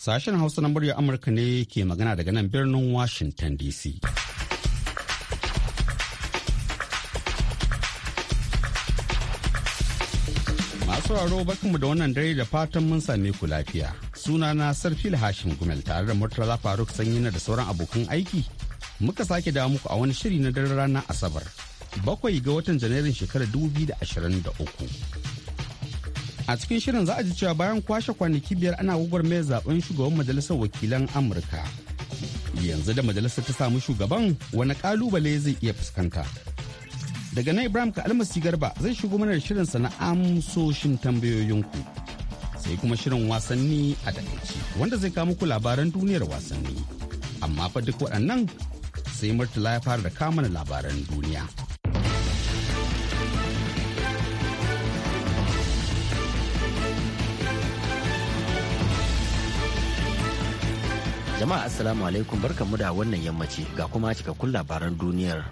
Sashen Hausa na murya Amurka ne ke magana daga nan birnin Washington DC. Masu raro barkanmu da wannan dare da fatan mun same ku lafiya. Sunana Sarfi Hashim Gumel tare da Murtala Faruk Sanyina da sauran abokan aiki. Muka sake dawo muku a wani shiri na daren ranar Asabar. Bakwai ga watan Janairun shekarar 2023. a cikin shirin za a ji cewa bayan kwashe kwanaki biyar ana gugwar mai zaben shugaban majalisar wakilan amurka yanzu da majalisar ta samu shugaban wani kalubale zai iya fuskanta daga na ibrahim ka almasi garba zai shigo mana shirin sa na amsoshin tambayoyinku sai kuma shirin wasanni a takaice wanda zai kawo muku labaran duniyar wasanni amma fa duk waɗannan sai murtala ya fara da kamar labaran duniya Jama'a Assalamu alaikum barkanmu da wannan yammaci ga kuma cikakkun labaran duniyar.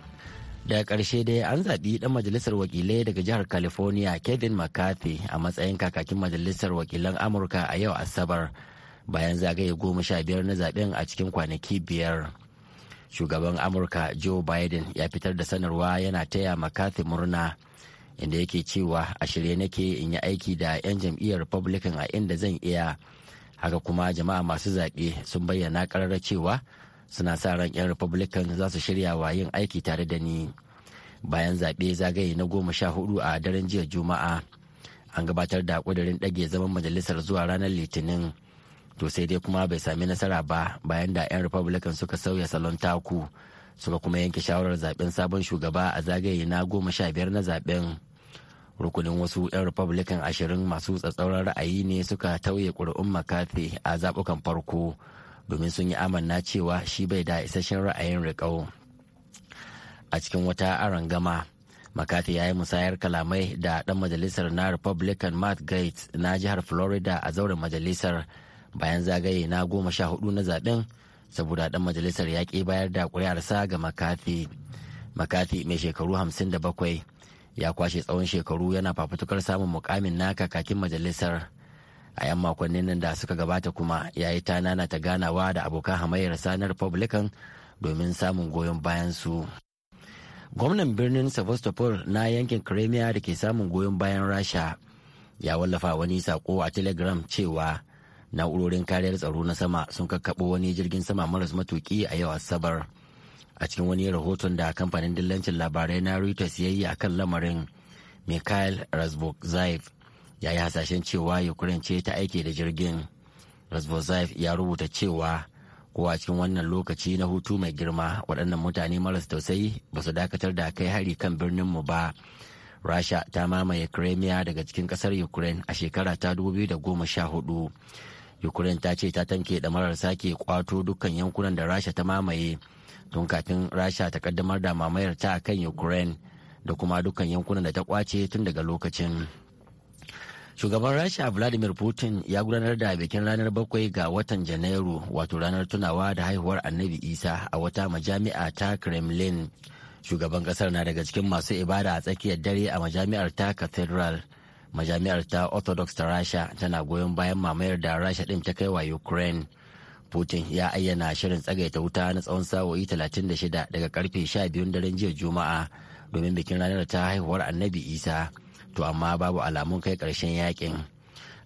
Daga karshe dai an zaɓi ɗan majalisar wakilai daga jihar California Kevin McCarthy a matsayin kakakin majalisar wakilan Amurka a yau Asabar bayan zagaye goma sha biyar na zaɓen a cikin kwanaki biyar. Shugaban Amurka Joe Biden ya fitar da sanarwa yana taya McCarthy murna inda yake cewa a shirye nake in yi aiki da 'yan jam'iyyar Republican a inda zan iya. haka kuma jama'a masu zaɓe sun bayyana ƙararra cewa suna sa ran 'yan republican za su shirya wa yin aiki tare da ni bayan zaɓe zagaye na goma sha hudu a daren jiya juma'a an gabatar da ƙudurin ɗage zaman majalisar zuwa ranar litinin to sai dai kuma bai sami nasara ba bayan da 'yan republican suka sauya salon taku suka kuma yanke shawarar zaben sabon shugaba a zagaye na goma sha biyar na zaben rukunin wasu 'yan republican ashirin masu tsatsauran ra'ayi ne suka tauye ƙuri'un mccarthy a zaɓukan farko domin sun yi amanna cewa shi bai da isasshen ra'ayin riƙau a cikin wata arangama makati ya yi musayar kalamai da ɗan majalisar na republican matt gates na jihar florida a zauren majalisar bayan zagaye na goma sha hudu na zaɓen saboda ɗan majalisar ya ƙi bayar da ƙuri'arsa ga makafi makati mai shekaru hamsin da bakwai ya kwashe tsawon shekaru yana fafutukar samun mukamin naka kakin majalisar a yan makonnin nan da suka gabata kuma ya yi tanana ta ganawa da abokan hamayyar na republican domin samun goyon bayan su gwamnan birnin sevastopol na yankin crimea da ke samun goyon bayan rasha ya wallafa wani sako a telegram cewa na'urorin kariyar tsaro na sama sun kakkaɓo wani jirgin sama maras matuki a yau asabar a cikin wani rahoton da kamfanin dillancin labarai na reuters ya yi akan lamarin mikhail razbok zaev ya yi hasashen cewa ukraine ce ta aike da jirgin razbok ya rubuta cewa kowa cikin wannan lokaci na hutu mai girma waɗannan mutane maras tausayi ba su dakatar da kai hari kan birnin mu ba rasha ta mamaye crimea daga cikin ƙasar ukraine a shekara ta 2014 ukraine ta ce ta tanke da marar sake kwato dukkan yankunan da rasha ta mamaye tun kafin rasha ta kaddamar da mamayar ta kan ukraine da kuma dukkan yankunan da ta kwace tun daga lokacin shugaban rasha vladimir putin ya gudanar da bikin ranar bakwai ga watan janairu wato ranar tunawa da haihuwar annabi isa a wata majami'a ta kremlin shugaban kasar na daga cikin masu ibada a tsakiyar dare a majami'ar ta cathedral majami'ar ta orthodox ta rasha tana goyon bayan mamayar da rasha din ta kai wa ukraine Putin ya ayyana shirin tsagaita wuta na tsawon sa'o'i 36 daga karfe 12 daren jiya Juma'a domin bikin ranar ta haihuwar Annabi Isa, to amma babu alamun kai karshen yakin.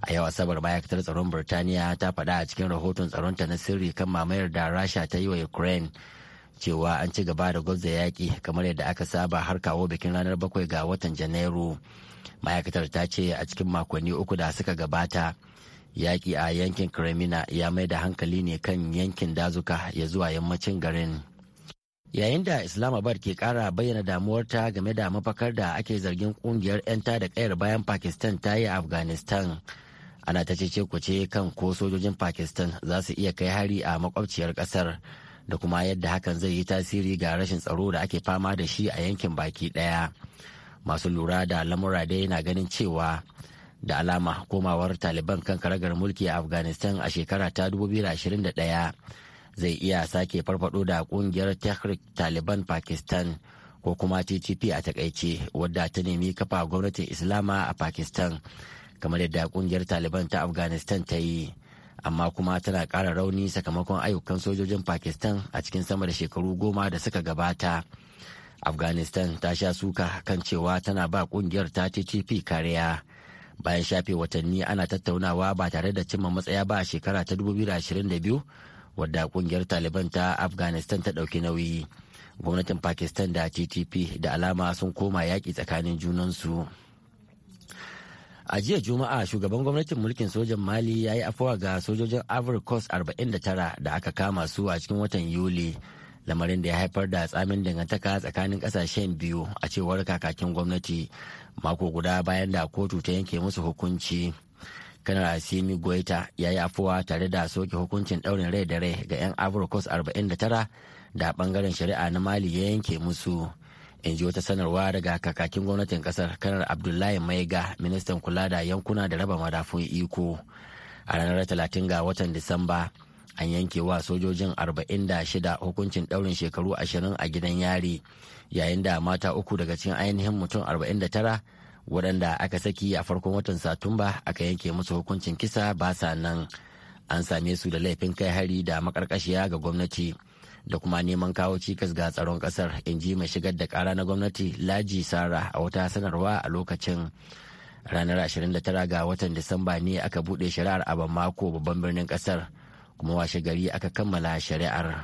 A yau Asabar ma'aikatar tsaron Birtaniya ta faɗa a cikin rahoton tsaronta na sirri kan mamayar da Rasha ta yi wa Ukraine cewa an ci gaba da gwabza yaƙi kamar yadda aka saba har kawo bikin ranar bakwai ga watan Janairu. Ma'aikatar ta ce a cikin makonni uku da suka gabata. yaƙi a yankin kremina ya mai da hankali ne kan yankin dazuka ya zuwa yammacin garin yayin da islamabad ke kara bayyana damuwarta game da mafakar da ake zargin kungiyar yanta da kayar bayan pakistan ta yi afghanistan ana ta cece kuce kan ko sojojin pakistan za su iya kai hari a makwabciyar kasar da kuma yadda hakan zai yi tasiri ga rashin tsaro da ake fama da shi a yankin baki daya masu lura da lamura dai na ganin cewa da alama komawar taliban kan karagar mulki a afghanistan a shekara ta 2021 zai iya sake farfado da kungiyar tehrik taliban pakistan ko kuma ttp a takaice wadda ta nemi kafa gwamnatin islama a pakistan kamar yadda kungiyar taliban ta afghanistan ta yi amma kuma tana kara rauni sakamakon ayyukan sojojin pakistan a cikin sama da shekaru goma da suka gabata afghanistan ta sha suka kan cewa tana ba kungiyar ta ttp kariya bayan shafe watanni ana tattaunawa ba tare da cimma matsaya ba a shekara ta 2022 wadda kungiyar taliban ta afghanistan ta dauki nauyi gwamnatin pakistan da ttp da alama sun koma yaƙi tsakanin junansu a jiya juma'a shugaban gwamnatin mulkin sojan mali ya yi afuwa ga sojojin ivory coast 49 da aka kama su a cikin watan yuli lamarin da ya haifar da tsamin dangantaka tsakanin kasashen biyu a cewar kakakin gwamnati mako guda bayan da kotu ta yanke musu hukunci kanar asimi goita ya yi afuwa tare da soke hukuncin daurin rai da rai ga 'yan abrikos 49 da bangaren shari'a na mali ya yanke musu in ji wata sanarwa daga kakakin gwamnatin kasar kanar abdullahi maiga ministan kula da yankuna da raba madafun iko a ranar 30 ga watan disamba an yanke wa sojojin 46 hukuncin daurin shekaru 20 a gidan yari yayin da mata uku daga cikin ainihin mutum 49 waɗanda aka saki a farkon watan satumba aka yanke musu hukuncin kisa ba sa nan an same su da laifin kai hari da makarkashiya ga gwamnati da kuma neman kawo cikas ga tsaron kasar in ji mai shigar da kara na gwamnati laji sara a wata sanarwa a lokacin ranar 29 ga watan disamba ne aka buɗe shari'ar a mako babban birnin kasar kuma washe gari aka kammala shari'ar.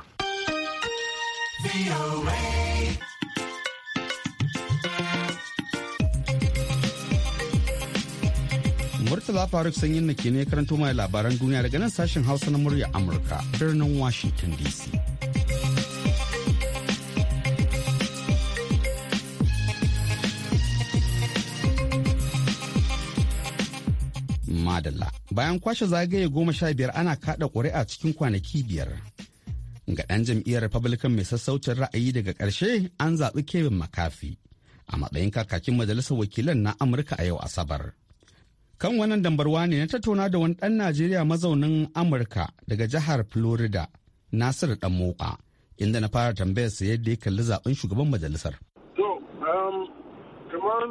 Murtala Faruk sanyin na ke ne karanto mai labaran duniya daga nan sashen Hausa na murya Amurka birnin Washington DC. Madalla. bayan kwashe zagaye goma sha biyar ana kada ƙuri'a cikin kwanaki biyar ga ɗan jam'iyyar republican mai sassaucin ra'ayi daga ƙarshe an zaɓi kevin makafi a matsayin kakakin majalisar wakilan na amurka a yau asabar kan wannan dambarwa ne na tattauna da wani ɗan najeriya mazaunin amurka daga jihar florida nasiru dan moka inda na fara tambayar sa yadda ya kalli zaɓen shugaban majalisar to um, kamar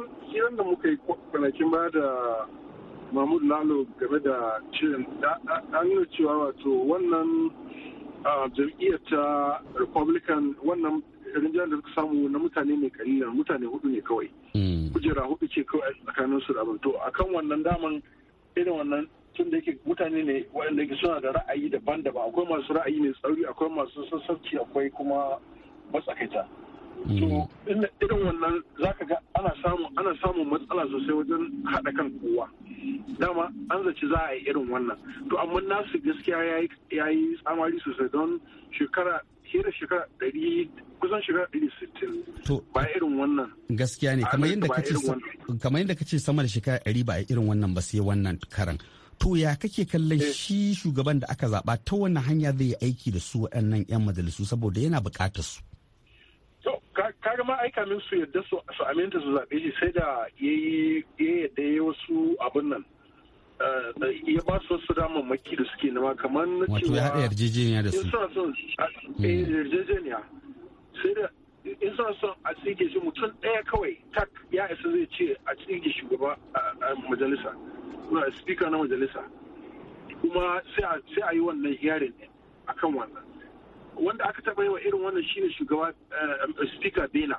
muka yi kwanakin ba da mahmud lalo game da cin da nuna cewa wato wannan jam'iyyar ta republican wannan rinjiyar da suka samu na mutane mai kalilan mutane hudu ne kawai hmm. kujera hudu ce kawai tsakanin su da to akan wannan daman irin wannan tun da yake mutane ne waɗanda yake suna da ra'ayi daban-daban akwai masu ra'ayi mai tsauri akwai masu sassauci akwai kuma matsakaita Mm. irin wannan za ka ga ana samun ana samun matsala sosai wajen haɗa kan kowa dama an zaci za a yi irin wannan to amma nasu gaskiya ya yi tsamari sosai don shekara hira shekara ɗari kusan shekara ɗari sittin ba irin wannan gaskiya ne kamar yadda kace kamar yadda kace sama da shekara ɗari ba irin wannan ba sai wannan karan to ya kake kallon eh. shi shugaban da aka zaba ta wannan hanya zai yi aiki da su waɗannan 'yan majalisu saboda yana buƙatar su kaga ma aika min su yadda su su aminta su zaɓe shi sai da ya yadda ya wasu abun nan eh, ya ba su wasu damar maki da suke nema kamar na cewa wato ya haɗa yarjejeniya da su hmm. eh, yarjejeniya sai da in suna son a tsige shi mutum ɗaya kawai tak ya isa zai ce a tsige shugaba a majalisa na speaker na majalisa kuma sai a yi wannan hearing kan wannan wanda aka taba yi wa irin wannan shine shugaba eh, speaker bela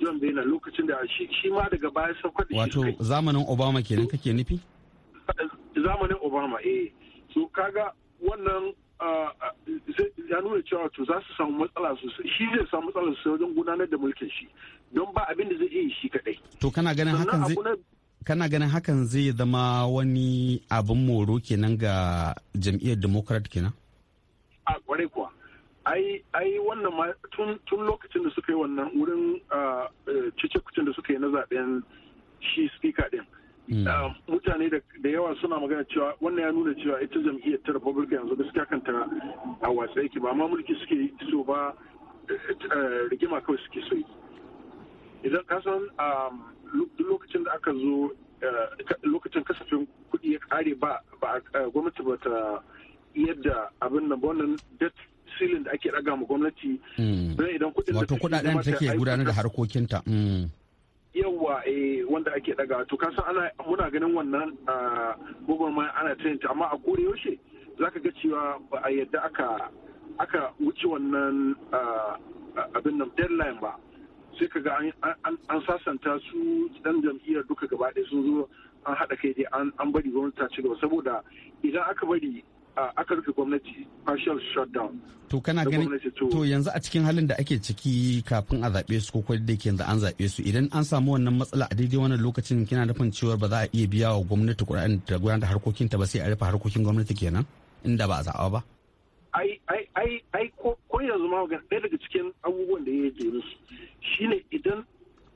john bela lokacin da shi ma daga baya saukar da shi wato zamanin obama kenan kake nufi zamanin obama eh so kaga wannan ah, ya nuna cewa to za su samu matsala sosai shi zai samu matsala sosai wajen gudanar da mulkin shi don ba abin da zai iya shi kadai to kana ganin hakan zai kana ganin hakan zai zama wani abin moro kenan ga jam'iyyar democrat kenan a kwarai kuwa ai wannan ma tun lokacin da suka yi wannan wurin cece da suka yi na zaben shi speaker din hmm. mutane da yawa suna magana cewa wannan ya nuna cewa ita jam'iyyar ta republican yanzu gaskiya kanta a watsa yake ba ma mulki suke so ba rigima kawai suke so idan ka san lokacin da aka zo lokacin kasafin kuɗi ya kare ba gwamnati ba ta yadda abin nan ba wannan silin da ake daga ma gwamnati hmm. don idan kuɗin da wato kuɗaɗen take gudanar da harkokinta hmm. yawa eh, wanda ake daga to kasan ana muna ganin wannan ah, ma ana ta amma a kore yaushe za ka ga cewa ba a yadda aka aka wuce wannan ah, abin nan deadline ba sai ka ga an sasanta su dan jam'iyyar duka gaba ɗaya sun zo an haɗa kai dai an bari gwamnati ta ci gaba saboda idan aka bari aka rufe gwamnati partial shutdown. To kana ganin to yanzu a cikin halin da ake ciki kafin a zaɓe su ko da yake yanzu an zaɓe su idan an samu wannan matsala a daidai wannan lokacin kina nufin cewar ba za a iya biya wa gwamnati kuɗaɗen da gudanar da harkokin ta ba sai a rufe harkokin gwamnati kenan inda ba a zaɓa ba. Ai ai ai ai ko yanzu ma ɗaya daga cikin abubuwan da ya yi musu shine idan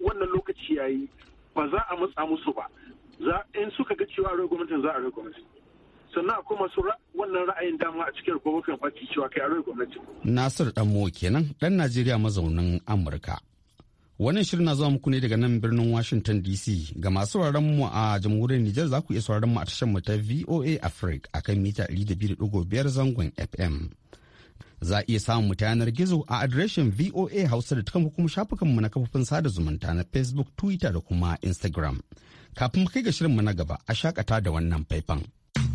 wannan lokaci yayi ba za a matsa musu ba za in suka ga cewa rai gwamnatin za a rai gwamnati. sannan kuma su wannan ra'ayin dama a cikin republican party cewa kai aroyin gwamnati. nasir danmo kenan ɗan najeriya mazaunin amurka wannan shirin na zuwa muku ne daga nan birnin washington dc ga masu sauraron mu a jamhuriyar nijar za ku iya sauraron mu a tashar mu ta voa africa akan mita 200.5 zangon fm za a iya samun mu ta yanar gizo a adireshin voa hausa da tukan kuma mu na kafofin sada zumunta na facebook twitter da kuma instagram kafin mu kai ga shirin mu na gaba a shakata da wannan faifan.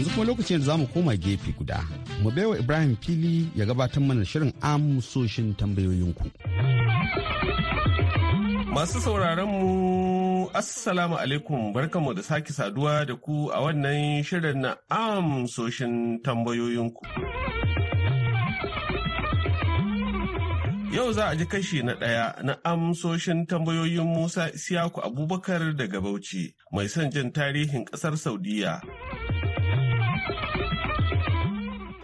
yanzu kuma lokaci da za mu koma gefe guda mu baiwa ibrahim fili ya gabatar mana shirin amsoshin tambayoyinku masu sauraron mu assalamu alaikum barkanmu da sake saduwa da ku a wannan shirin na amsoshin tambayoyinku Yau za a ji kashi na ɗaya na amsoshin tambayoyin Musa Isiyaku Abubakar daga Bauchi, mai son jin tarihin ƙasar Saudiyya.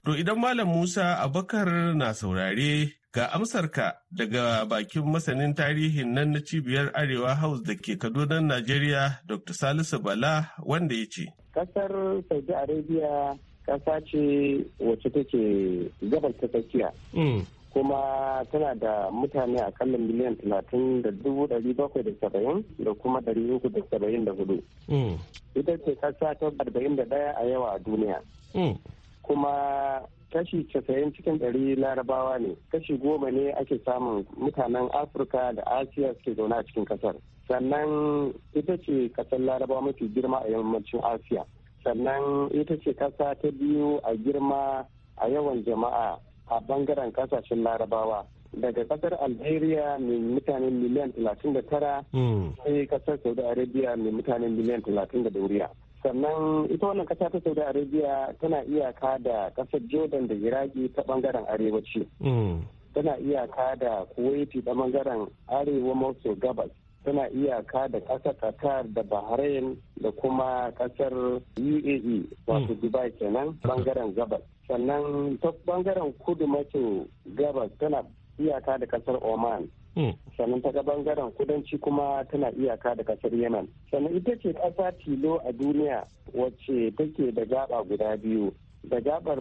To idan Malam Musa Abakar na saurare ga amsarka daga bakin masanin tarihin nan na cibiyar Arewa House da ke Kaduna, Najeriya, Dr. Salisu Bala wanda ya ce. Kasar Saudi Arabia kasa ce wacce take gabar ta tsakiya. Hmm. kuma tana da mutane a kallon miliyan talatin da dubu dari bakwai da saba'in da kuma dari uku da saba'in da hudu. Hmm. Ita ce kasa ta arba'in da ɗaya a yawa a duniya. Hmm. kuma kashi casa'in cikin ɗari larabawa ne kashi goma ne ake samun mutanen afirka da asiya suke zaune a cikin kasar sannan ita ce kasar larabawa mafi girma a yammacin asiya sannan ita ce kasa ta biyu a girma a yawan jama'a a bangaren kasashen larabawa daga kasar algeria mai mutane miliyan 39 hmm. sai kasar saudi arabia mai mutane miliyan 30 da dauriya sannan ita wannan kasa ta saudi arabia tana iyaka da kasar jordan da iraki ta bangaren arewaci mm. tana iyaka da kuwaiti ta bangaren arewa maso gabas tana iyaka da kasar qatar da bahrain da kuma kasar uae wato mm. dubai kenan bangaren mm. gabas sannan ta bangaren kudu maso gabas tana iyaka da kasar oman Hmm. sannan ta ga bangaren kudanci kuma tana iyaka da kasar yemen sannan ita ce ƙasa tilo a duniya wacce take da gaba guda biyu da gabar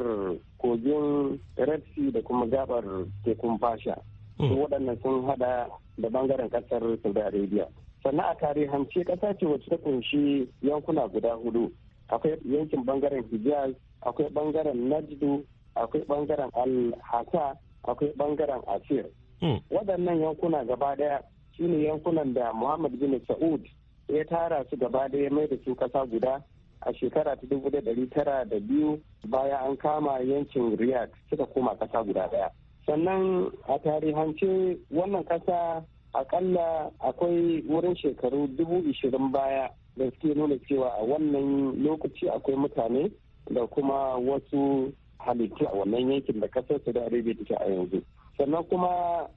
kogin red sea da kuma gabar tekun fasha hmm. waɗannan sun hada da bangaren ƙasar saudi arabia sannan a tarihance ƙasa ce wacce ta kunshi yankuna guda hudu akwai yankin bangaren hijaz akwai bangaren najdu akwai bangaren al-hasa akwai bangaren asir Hmm. waɗannan yankuna gaba ɗaya shine yankunan da muhammad bin sa'ud ya tara su gaba ɗaya mai da su ƙasa guda a shekara ta dubu da ɗari tara da biyu baya an kama yankin riyad suka koma ƙasa guda ɗaya sannan a tarihance wannan ƙasa akalla akwai wurin shekaru dubu ishirin baya da suke nuna cewa a wannan lokaci akwai mutane da kuma wasu halittu a wannan yankin da kasar su da arabia take a yanzu sannan kuma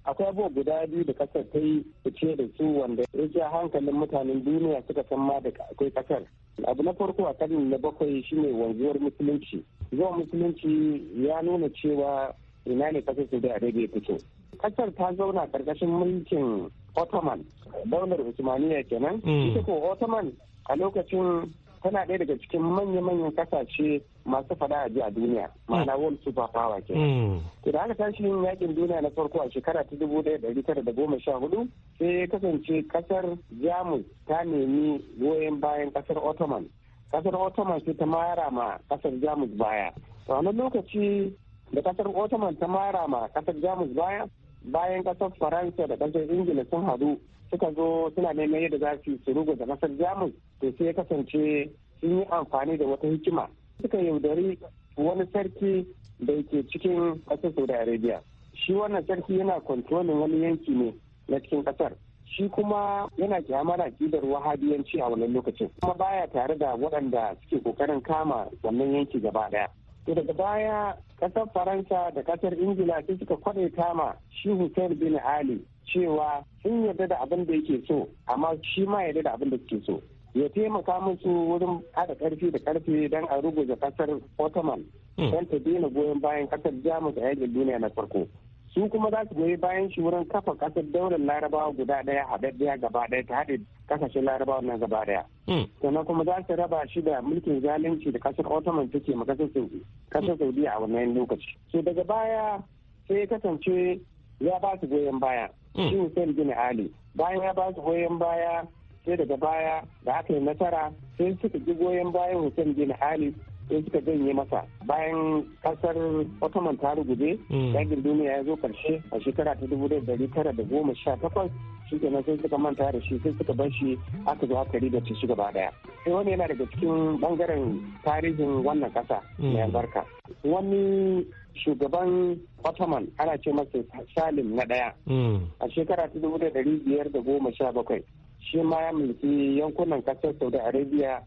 akwai abubuwa guda biyu da kasar ta yi fice da su wanda ya ja hankalin mutanen duniya suka san ma da akwai kasar abu na farko a karni na bakwai shine wanzuwar musulunci zuwa musulunci ya nuna cewa ina ne kasar da arabia fito kasar ta zauna karkashin mulkin ottoman daular usmaniya kenan hmm. ita ko ottoman a lokacin tana ɗaya daga cikin manya-manyan kasashe masu fada a ji a duniya ma'ana hmm. world super power ke hmm. to da aka tashi yin yakin duniya na farko a shekara ta dubu ɗaya ɗari tara da goma sha hudu sai ya kasance kasar jamus ta nemi goyon bayan kasar ottoman kasar ottoman sai ta mara ma kasar jamus baya to a lokaci da kasar ottoman ta mara ma kasar jamus baya bayan kasar faransa da kasar ingila sun hadu suka zo suna neman yadda za su rugu da kasar jamus to sai ya kasance sun yi amfani da wata hikima suka yaudari wani sarki da yake cikin ƙasar saudi arabia shi wannan sarki yana kwantonin wani yanki ne na cikin ƙasar shi kuma yana kyamara gidar wahabiyanci a wannan lokacin kuma baya tare da waɗanda suke kokarin kama wannan yanki gaba ɗaya to daga baya ƙasar faransa da ƙasar ingila sai suka kwaɗe kama shi hussein bin ali cewa sun yarda da abin da yake so amma shi ma yarda da abin da suke so ya taimaka musu wurin haɗa ƙarfi da ƙarfi don a ruguza ƙasar ottoman hmm. don ta daina goyon bayan ƙasar jamus a yankin duniya na farko su kuma za su goyi bayan shi wurin kafa ƙasar daular larabawa guda ɗaya haɗaɗɗiya gaba ɗaya ta haɗe ƙasashen larabawa na gaba ɗaya hmm. sannan kuma za su raba shi da mulkin zalunci da ƙasar ottoman take ma ƙasar hmm. saudi a wannan lokaci so daga baya sai kasance ya ba su goyon baya shi hussein bin ali bayan ya ba su goyon baya sai daga baya da aka yi nasara sai suka ji goyon bayan hussein bin ali sai suka janye masa bayan kasar ottoman ta rugube yakin hmm. duniya ya zo karshe a shekara ta dubu dari tara da goma sha takwas shi kenan sai suka manta da shi sai suka bar shi aka zo aka riga ci gaba daya sai wani yana daga cikin bangaren tarihin wannan kasa hmm. mai albarka wani shugaban ottoman ana ce masa salim na daya hmm. a shekara ta dubu da dari biyar da goma sha bakwai shi ma ya mulki yankunan kasar saudi arabia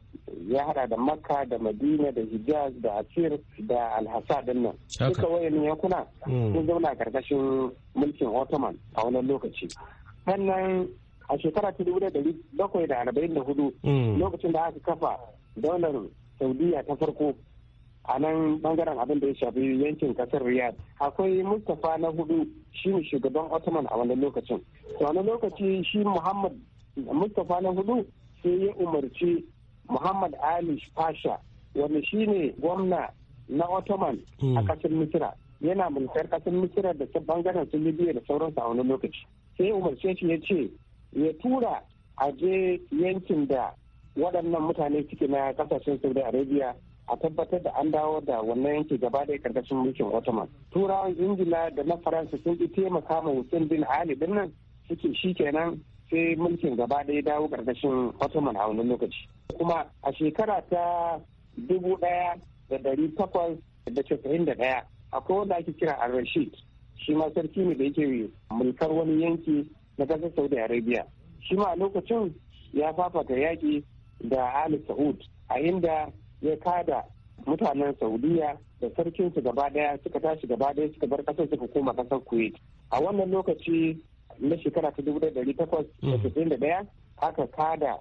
ya hada da makka da madina da hijaz da asir da alhassa din nan duka wayan yankuna hmm. sun zauna karkashin mulkin ottoman a wani lokaci sannan a shekara ta dubu bakwai da arba'in da hudu hmm. lokacin da aka kafa daular saudiya ta farko a nan bangaren abin da ya shafi yankin kasar riyadh akwai mustapha na hudu shi shugaban ottoman a wani lokacin to wani lokaci shi muhammad mustapha na hudu sai ya umarci muhammad ali pasha wanda shine gwamna na ottoman a kasar hmm. misira yana mulkar kasar misira da bangaren su libya da sauransu a wani lokaci sai ya umarce shi ya ce ya tura a je yankin da waɗannan mutane suke na kasashen saudi arabia a tabbatar da an dawo da wannan yanki gaba da karkashin mulkin ottoman turawan ingila da na faransa sun ki taimaka ma hussein bin ali dinnan nan suke shi kenan sai mulkin gaba ɗaya dawo ƙarƙashin ottoman a wani lokaci kuma a shekara ta dubu ɗaya da ɗari takwas da casa'in da ɗaya akwai wanda ake kira a rashid shi ma sarki ne da yake mulkar wani yanki na ƙasar saudi arabia shi ma a lokacin ya fafata yaƙi da ali saud a inda ya kada mutanen saudiya da sarkinsu gaba daya suka tashi gaba daya suka bar kasar suka koma kasar kuwait a wannan lokaci na shekara ta dubu ɗari takwas da casa'in mm. da ɗaya aka kada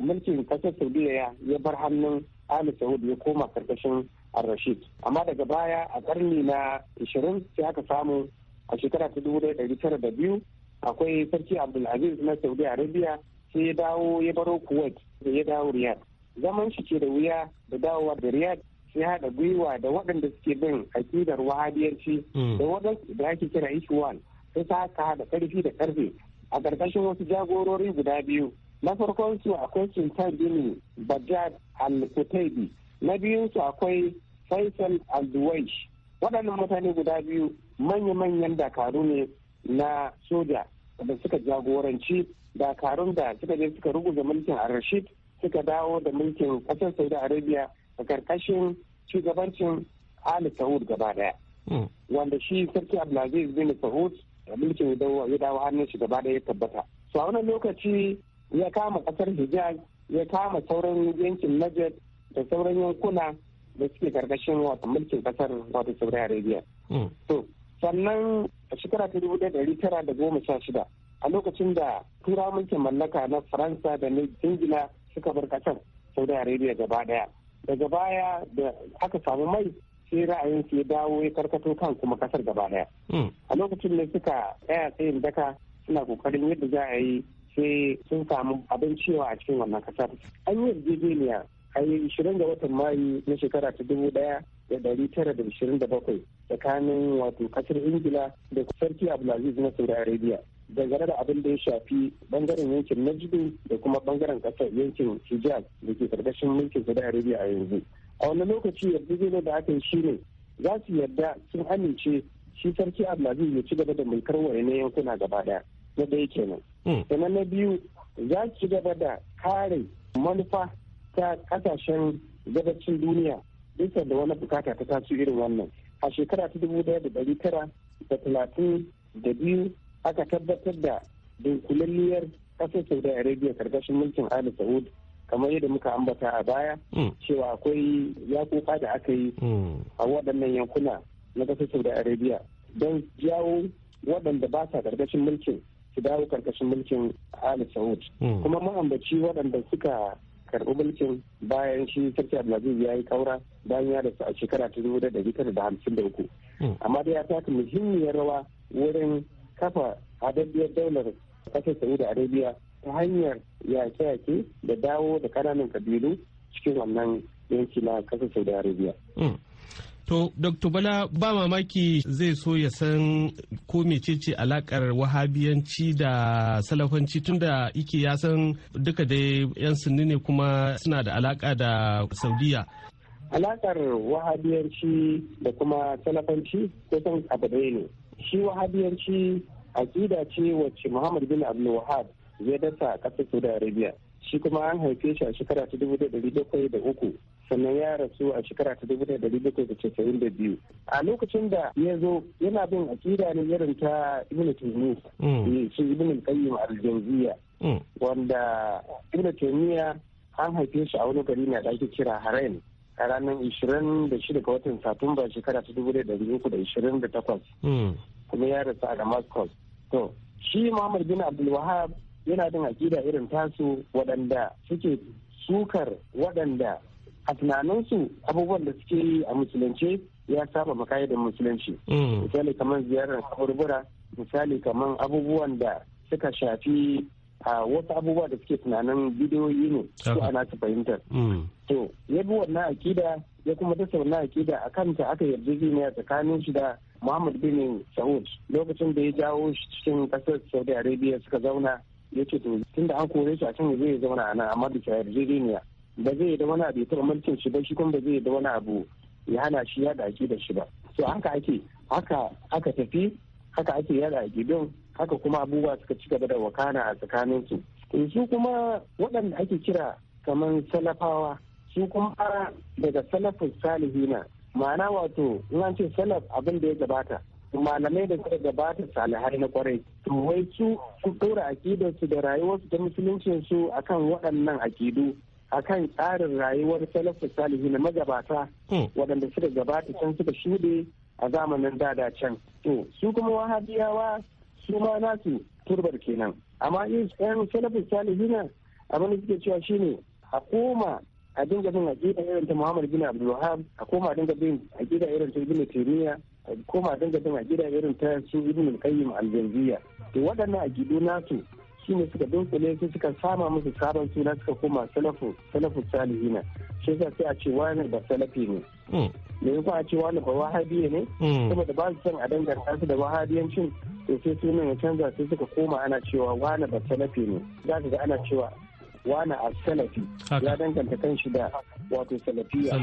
mulkin ƙasar saudiya ya bar hannun ali saudi ya koma karkashin al-rashid amma daga baya a ƙarni na ashirin sai aka samu a shekara ta dubu ɗari tara da biyu akwai sarki abdulaziz na saudi arabia sai ya dawo ya baro kuwait da ya dawo riyad zaman shi ke da wuya da dawowa da riyad sai haɗa gwiwa da waɗanda suke bin aƙidar wahabiyanci mm. da da ake kira ikhwan sai ta haɗa ƙarfi da ƙarfe a ƙarƙashin wasu jagorori guda biyu na farkon su akwai sultan jini bajad al kutaibi na biyun su akwai faisal al duwaish waɗannan mutane guda biyu manya-manyan dakaru ne na soja da suka jagoranci dakarun da suka je suka ruguza mulkin a rashid suka dawo da mulkin ƙasar saudi arabia a ƙarƙashin shugabancin ali saud gaba daya hmm. wanda shi sarki abdulaziz bin saud da mulkin ya dawo hannun shi gaba daya ya tabbata su a wannan lokaci ya kama kasar hijaz ya kama sauran yankin najd da sauran yankuna da suke karkashin wata mulkin kasar wato saudi arabia to hmm. sannan a shekara ta dubu ɗaya tara da goma sha shida a lokacin da tura mulkin mallaka na faransa da na ingila suka bar kasar saudi arabia gaba daya daga baya da aka samu mai sai ra'ayin su ya dawo ya karkato kan kuma kasar gaba daya hmm. a lokacin da suka tsaya tsayin daka suna kokarin yadda za a yi sai sun samu abin cewa a cikin wannan kasar an yi yarjejeniya a yi ishirin ga watan mayu na shekara ta dubu daya da dari tara da ishirin da bakwai tsakanin wato kasar ingila da sarki abdulaziz na saudi arabia dangane da abin da ya shafi bangaren yankin najdu da kuma bangaren kasar yankin hijaz da ke karkashin mulkin saudi arabia a yanzu a wani lokaci yarjejeniyar da aka yi shi ne za su yarda sun amince shi sarki abdulaziz ya ci gaba da mulkar wayannan yankuna gaba daya na ɗaya kenan hmm. sannan na biyu za su ci gaba da kare manufa ta kasashen gabacin duniya bisa da wani bukata ta taso irin wannan a shekara ta dubu daya da dari tara da talatin da biyu aka tabbatar da dunkulalliyar ƙasar saudi arabia karkashin mulkin ali saud kamar yadda muka ambata a baya hmm. cewa akwai yakuka da aka yi hmm. a waɗannan yankuna na ƙasar saudi arabia don jawo waɗanda ba sa ƙarƙashin mulkin su dawo ƙarƙashin mulkin ali saud hmm. kuma ma'ambaci waɗanda suka karɓi mulkin bayan shi sarki abdulaziz ya yi kaura bayan ya rasu a shekara ta dubu da tara da hamsin da uku amma dai ya taka muhimmiyar rawa wurin kafa hadaddiyar daular ƙasar saudi arabia ta hanyar yake-yake da dawo da ƙananan kabilu cikin wannan yanki na kasar saudi arabia hmm. To, Dr. Bala ba mamaki zai so ya san ko mecece alakar wahabiyanci da salafanci tunda ike ya san duka dai 'yan sunni ne kuma suna da alaka da Saudiya. Alakar wahabiyanci da kuma salafanci kusan abu ne. Shi wahabiyanci aƙida ce wacce Muhammad bin Abdul Wahab ya dasa a ƙasar saudi arabia shi kuma an haife shi a shekara ta dubu da bakwai da uku sannan ya rasu a shekara ta dubu da bakwai da casa'in da biyu a lokacin da ya zo yana bin akida ne irin ta ibn taymiya mm. eh, shi ibn qayyim al mm. wanda ibn taymiya an haife shi a wani gari na ɗaki kira harain a ranar ishirin da shida ga watan satumba shekara ta dubu da uku da ishirin da takwas mm. kuma ya rasu a damascus to shi muhammad bin abdul wahab yana bin aƙida irin tasu waɗanda suke sukar waɗanda a tunaninsu abubuwan da suke yi a musulunci ya saba makayyadin musulunci mm. misali kamar ziyarar kaburbura misali kamar abubuwan da suka shafi a wasu abubuwa da suke tunanin bidiyoyi ne su ana su fahimtar mm. to ya bi wannan aƙida ya kuma ta wannan aƙida a kanta aka zai a tsakanin shi da Muhammad bin Saud lokacin da ya jawo shi cikin ƙasar Saudi Arabia suka zauna ya ce to da an kore shi a can zai zauna a nan amma bisa yarjejeniya ba zai da wani abu ya taɓa mulkin shi ba shi kuma ba zai da wani abu ya hana shi ya da da shi ba to haka ake haka aka tafi haka ake yada a gidan haka kuma abubuwa suka ci gaba da wakana a tsakanin su su kuma waɗanda ake kira kamar salafawa su kuma daga salafin salihina ma'ana wato in an ce salaf abin da ya gabata malamai da suka gabata salihai na kwarai to wai su su dora akidarsu da rayuwarsu ta musuluncin su akan waɗannan akidu akan tsarin rayuwar salafu salihi na magabata hmm. waɗanda suka gabata can suka shuɗe a zamanin dada can to su kuma wahabiyawa su ma nasu turbar kenan amma in yin salafu salihi na abin da suke cewa shine a koma a dinga bin aƙida irin ta Muhammad bin Abdul Wahab a koma a dinga bin aƙida irin ta Ibn Taymiyyah koma dinga a gida irin ta su ibn al-qayyim al-jawziyya to waɗannan gido nasu shine suka dunkule su suka sama musu sabon suna suka koma salafu salafu salihina shi yasa sai a ce wani ba salafi ne hmm. me yasa a ce wani ba wahabiya ne hmm. saboda ba su son a danganta su da wahabiyancin to sai sunan ya canza sai suka koma ana cewa wani ba salafi ne za ga ana cewa wani a salafi ya danganta kan shi da wato salafiya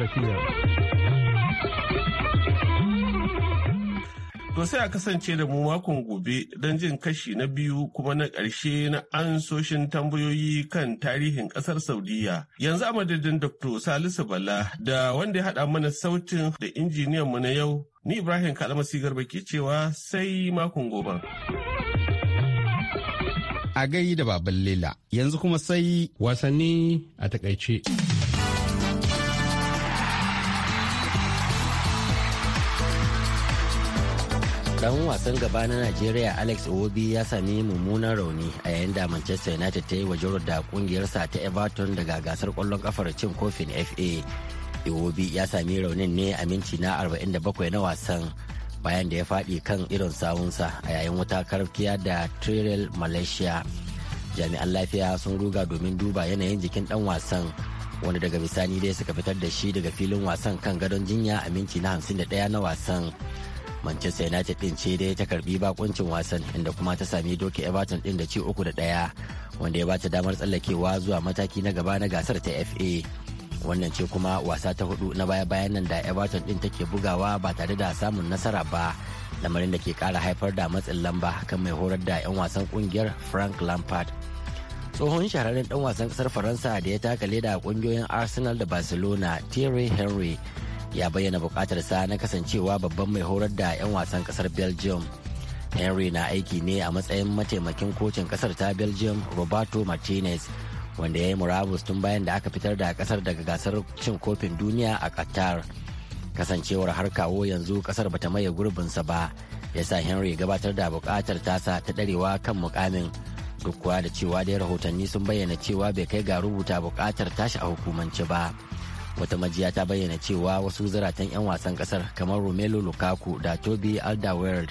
To sai a kasance da mu makon gobe don jin kashi na biyu kuma na ƙarshe na ansoshin tambayoyi kan tarihin ƙasar Saudiya. Yanzu a madadin Dr. Salisu Bala da wanda ya haɗa mana sautin da injiniyanmu na yau, ni Ibrahim Kalamasi Garba ke cewa sai makon gobe. A gai da baban Lela, yanzu kuma sai wasanni a takaice. dan wasan gaba na najeriya alex iwobi ya sami mummunan rauni a yayin da manchester united ta yi wa jaro da kungiyarsa ta everton daga gasar kwallon kafar cin kofin fa iwobi ya sami raunin ne a minti na 47 na wasan bayan da ya faɗi kan irin sawunsa a yayin wata karfiya da Trail malaysia jami'an lafiya sun ruga domin duba yanayin jikin dan wasan wanda daga bisani dai suka fitar da shi daga filin wasan kan gadon jinya a minti na 51 na wasan manchester united din ce dai ta karbi bakuncin wasan inda kuma ta sami doke everton din da ci uku da daya wanda ya bata damar tsallakewa zuwa mataki na gaba na gasar ta fa wannan ce kuma wasa ta hudu na baya bayan nan da everton din take bugawa ba tare da samun nasara ba lamarin da ke kara haifar da matsin lamba kan mai horar da 'yan wasan kungiyar frank lampard tsohon shahararren dan wasan kasar faransa da ya taka leda a kungiyoyin arsenal da barcelona thierry henry ya bayyana bukatarsa na kasancewa babban mai horar da 'yan wasan kasar belgium henry na aiki ne a matsayin mataimakin kocin kasar ta belgium roberto martinez wanda ya yi murabus tun bayan da aka fitar da kasar daga gasar cin kofin duniya a qatar kasancewar har kawo yanzu kasar bata maye gurbinsa ba ya sa henry gabatar da bukatar tasa ta ɗarewa kan mukamin duk kuwa da cewa dai rahotanni sun bayyana cewa bai kai ga rubuta bukatar tashi a hukumance ba. wata majiya ta bayyana cewa wasu zaratan 'yan wasan kasar kamar romelu lukaku da toby alderweireld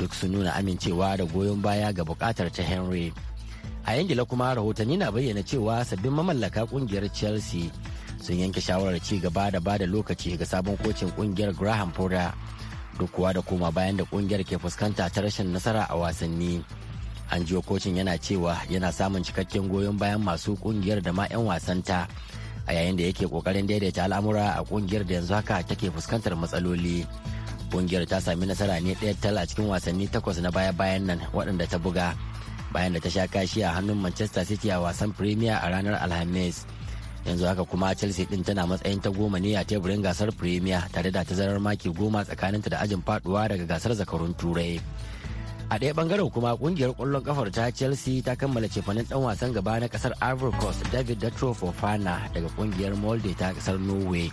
duk sun nuna amincewa da goyon baya ga bukatar ta henry a ingila kuma rahotanni na bayyana cewa sabbin mamallaka kungiyar chelsea sun yanke shawarar ci gaba da bada lokaci ga sabon kocin kungiyar graham porter duk kuwa da koma bayan da kungiyar ke fuskanta ta rashin nasara a wasanni an jiyo kocin yana cewa yana samun cikakken goyon bayan masu kungiyar da ma 'yan wasanta a yayin da yake kokarin daidaita al'amura a kungiyar da yanzu haka take fuskantar matsaloli kungiyar ta sami nasara ne daya tal a cikin wasanni takwas na baya-bayan nan waɗanda ta buga bayan da ta sha kashi a hannun manchester city a wasan premier a ranar alhamis yanzu haka kuma chelsea din tana matsayin ta goma ne a teburin gasar premier tare da tazarar maki goma tsakaninta da ajin faduwa daga gasar zakarun turai a ɗaya bangaren kuma kungiyar ƙwallon kafar ta chelsea ta kammala cefanen dan wasan gaba na kasar ivory coast david datro fofana daga kungiyar molde ta kasar norway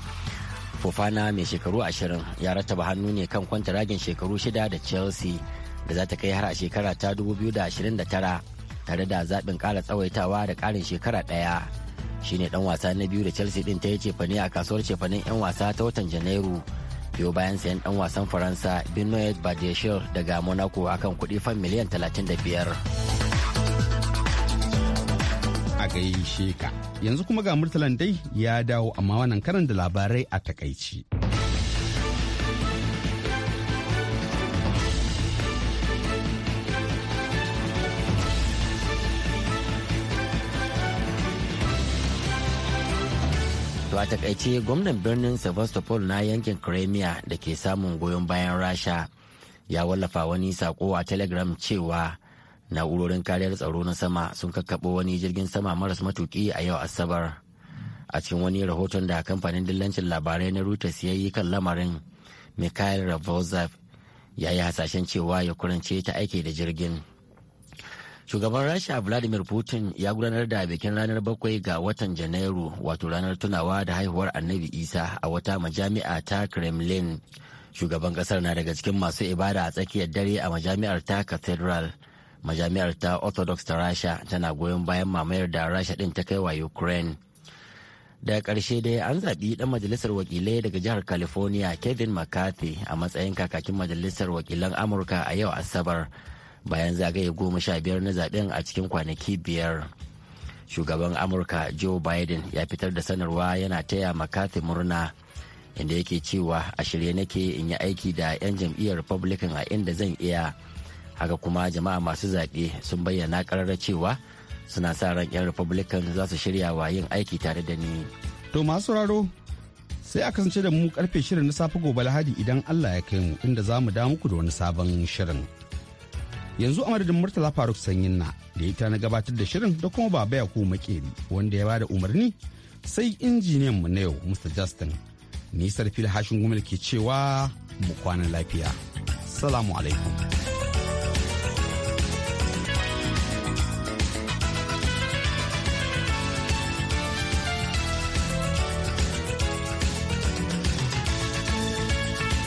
fofana mai shekaru ashirin ya rattaba hannu ne kan kwanta ragin shekaru shida da chelsea da za ta kai har a shekara ta da tara tare da zaɓin kara tsawaitawa da karin shekara ɗaya shine dan wasa na biyu da chelsea din ta yi cefane a kasuwar cefanen 'yan wasa ta watan janairu biyo bayan sayan dan wasan faransa benoit badiashil daga monaco akan kudi fan miliyan 35 a gaishe ka yanzu kuma ga murtalan dai ya dawo amma wannan karan da labarai a takaici. a takaice gwamnan birnin Sevastopol na yankin Crimea da ke samun goyon bayan Rasha ya wallafa wani sako a Telegram cewa na'urorin kariyar tsaro na sama sun kakkaɓo wani jirgin sama maras matuki a yau Asabar. A cikin wani rahoton da kamfanin dillancin labarai na Reuters ya yi kan lamarin, Mikhail ravozov ya yi hasashen cewa ya kurance ta aiki da jirgin. shugaban rasha vladimir putin ya gudanar da bikin ranar bakwai ga watan janairu wato ranar tunawa da haihuwar annabi isa a wata majami'a ta kremlin shugaban kasar na daga cikin masu ibada a tsakiyar dare a majami'ar ta cathedral majami'ar ta orthodox ta rasha tana goyon bayan mamayar da rasha din ta kai wa ukraine daga ƙarshe dai an zaɓi ɗan majalisar wakilai daga jihar california kevin mccarthy a matsayin kakakin majalisar wakilan amurka a yau asabar bayan zagaye goma sha biyar na zaben a cikin kwanaki biyar shugaban amurka joe biden ya fitar da sanarwa yana taya makati murna inda yake cewa a shirye nake in yi aiki da 'yan jam'iyyar republican a inda zan iya haka kuma jama'a masu zaɓe sun bayyana karar cewa suna sa ran 'yan republican za su shirya wa yin aiki tare da ni to masu raro sai a kasance da mu karfe shirin na safe gobe lahadi idan allah ya kai mu inda za mu da muku da wani sabon shirin yanzu a madadin murtala faruk sanyin na da ita na gabatar da shirin da kuma baba yakubu makeri wanda ya bada umarni sai injiniyan mu na yau mr justin nisar fil hashin gumel ke cewa mu kwana lafiya salamu alaikum